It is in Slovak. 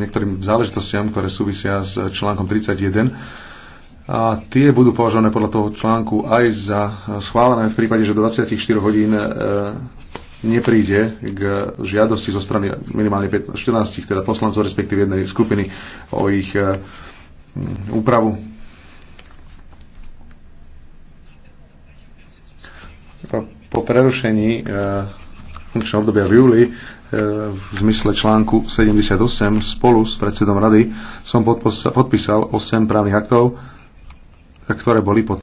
niektorým záležitostiam, ktoré súvisia s článkom 31 a tie budú považované podľa toho článku aj za schválené v prípade, že do 24 hodín e, nepríde k žiadosti zo strany minimálne 14 teda poslancov, respektíve jednej skupiny o ich e, úpravu. Po prerušení e, funkčné obdobia v júli e, v zmysle článku 78 spolu s predsedom rady som podpísal 8 právnych aktov, ktoré boli pod